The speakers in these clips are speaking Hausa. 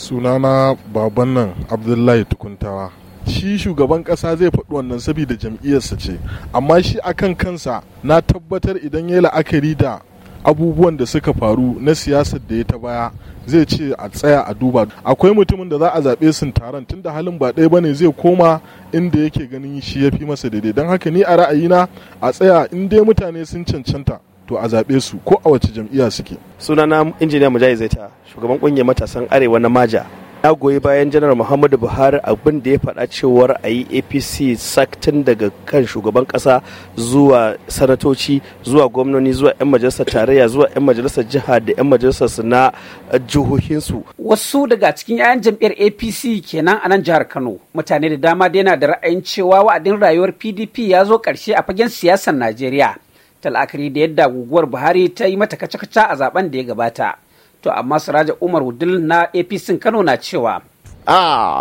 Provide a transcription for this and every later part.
sunana baban nan abdullahi tukuntawa shi shugaban kasa zai faɗi wannan saboda jam'iyyarsa ce amma shi akan kansa na tabbatar idan ya la'akari da abubuwan da suka faru na siyasar da ya ta baya zai ce a tsaya a duba akwai mutumin da za a zaɓe sun taron tun da halin ba ɗaya ba ne zai koma inda yake ganin shi ya fi masa daidai don haka ni a ra'ayina a tsaya in dai mutane sun cancanta to a zaɓe su ko a wace jam'iyya suke sunana injiniya mujahid zaita shugaban ƙungiyar matasan arewa na maja na goyi bayan janar muhammadu buhari abin da ya faɗa cewar a yi apc saktin daga kan shugaban ƙasa zuwa sanatoci zuwa gwamnoni zuwa 'yan majalisar tarayya zuwa 'yan majalisar jiha da 'yan majalisar su na jihohinsu wasu daga cikin 'ya'yan jam'iyyar apc kenan a nan jihar kano mutane da dama da yana da ra'ayin cewa wa'adin rayuwar pdp ya zo ƙarshe a fagen siyasar najeriya tal'akari da yadda guguwar buhari ta yi mata kaca-kaca a zaben da ya gabata to amma siraja umar wudil na apc kano na cewa a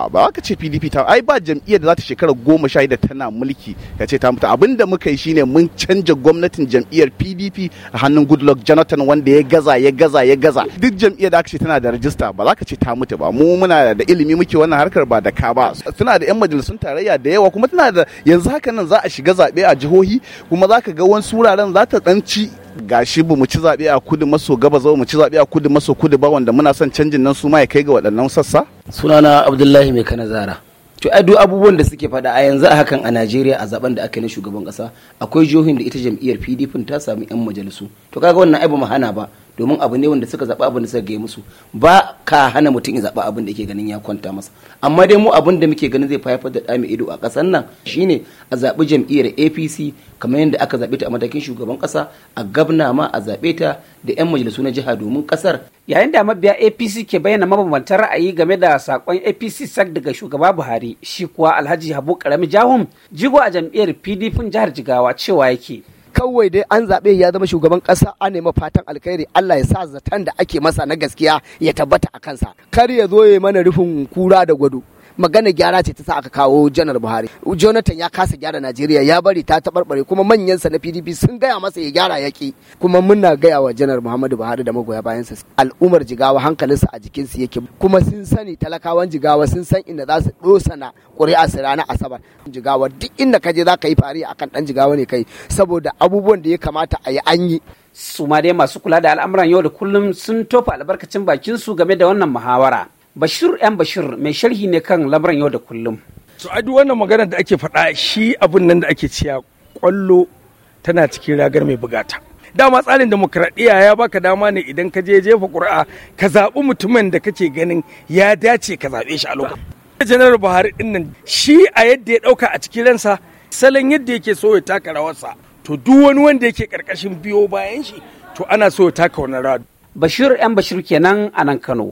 ah, ba ka ce pdp ta ai ba jam'iyyar da za ta shekara goma sha da tana mulki ka ce ta mutu abinda muka yi shine mun canja gwamnatin jam'iyyar pdp a hannun goodluck jonathan wanda ya gaza ya gaza ya gaza duk jam'iyyar da aka ce tana da rajista ba za ka ce ta mutu ba mu muna da ilimi muke wannan harkar ba da ka ba Suna da yan majalisun tarayya da yawa kuma tana da yanzu haka nan za a shiga zaɓe a jihohi kuma za ka ga wani suraren za ta ɗanci gashi bu mu ci zaɓe a kudu maso gabas ba mu ci zaɓe a kudu maso kudu ba wanda muna son canjin nan su ma ya kai ga waɗannan sassa sunana abdullahi mai kana zara to ai duk abubuwan da suke faɗa a yanzu a hakan a Najeriya a zaben da aka yi na shugaban ƙasa akwai jihohin da ita jam'iyyar PDP ta samu yan majalisu to kaga wannan ai ba hana ba domin abu ne wanda suka zaɓa abin da suka gaya musu ba ka hana mutum ya zaɓa abin da yake ganin ya kwanta masa amma dai mu abin da muke ganin zai haifar da ɗami ido a ƙasar nan shine a zaɓi jam'iyyar apc kamar yadda aka zaɓe ta a matakin shugaban ƙasa a gabna ma a zaɓe ta da 'yan majalisu na jiha domin ƙasar yayin da mabiya apc ke bayyana mabambantan ra'ayi game da sakon apc sak daga shugaba buhari shi kuwa alhaji habu karami jahun jigo a jam'iyyar pdp jihar jigawa cewa yake kawai dai an zaɓe ya zama shugaban ƙasa a nema fatan alkhairi Allah ya sa zaton da ake masa na gaskiya ya tabbata a kansa kar ya zo ya mana rufin kura da gwado magana gyara ce ta sa aka kawo janar buhari jonathan ya kasa gyara najeriya ya bari ta taɓarɓare kuma manyansa na pdp sun gaya masa ya gyara yaƙi kuma muna gaya wa janar muhammadu buhari da magoya bayan bayansa al'ummar jigawa hankalinsa a jikin su yake kuma sun sani talakawan jigawa sun san inda za su ɗosana ƙuri'a su ranar asabar jigawa duk inda ka je za ka yi fari akan ɗan jigawa ne kai saboda abubuwan da ya kamata a yi an yi su masu kula da al'amuran yau da kullum sun tofa albarkacin bakinsu game da wannan muhawara Bashir ‘yan Bashir mai sharhi ne kan lamuran yau da kullum. So, a duk wannan magana da ake faɗa shi abin nan da ake ciya kwallo tana cikin ragar mai bugata. Dama tsarin demokradiyya ya baka dama ne idan ka je jefa ƙuri'a ka zaɓi mutumin da kake ganin ya dace ka zaɓe shi a lokacin. janar buhari ɗin nan shi a yadda ya ɗauka a cikin ransa salon yadda yake so ya taka rawarsa to duk wani wanda yake ƙarƙashin biyo bayan shi to ana so ya taka wani rawa bashir yan bashir kenan a nan kano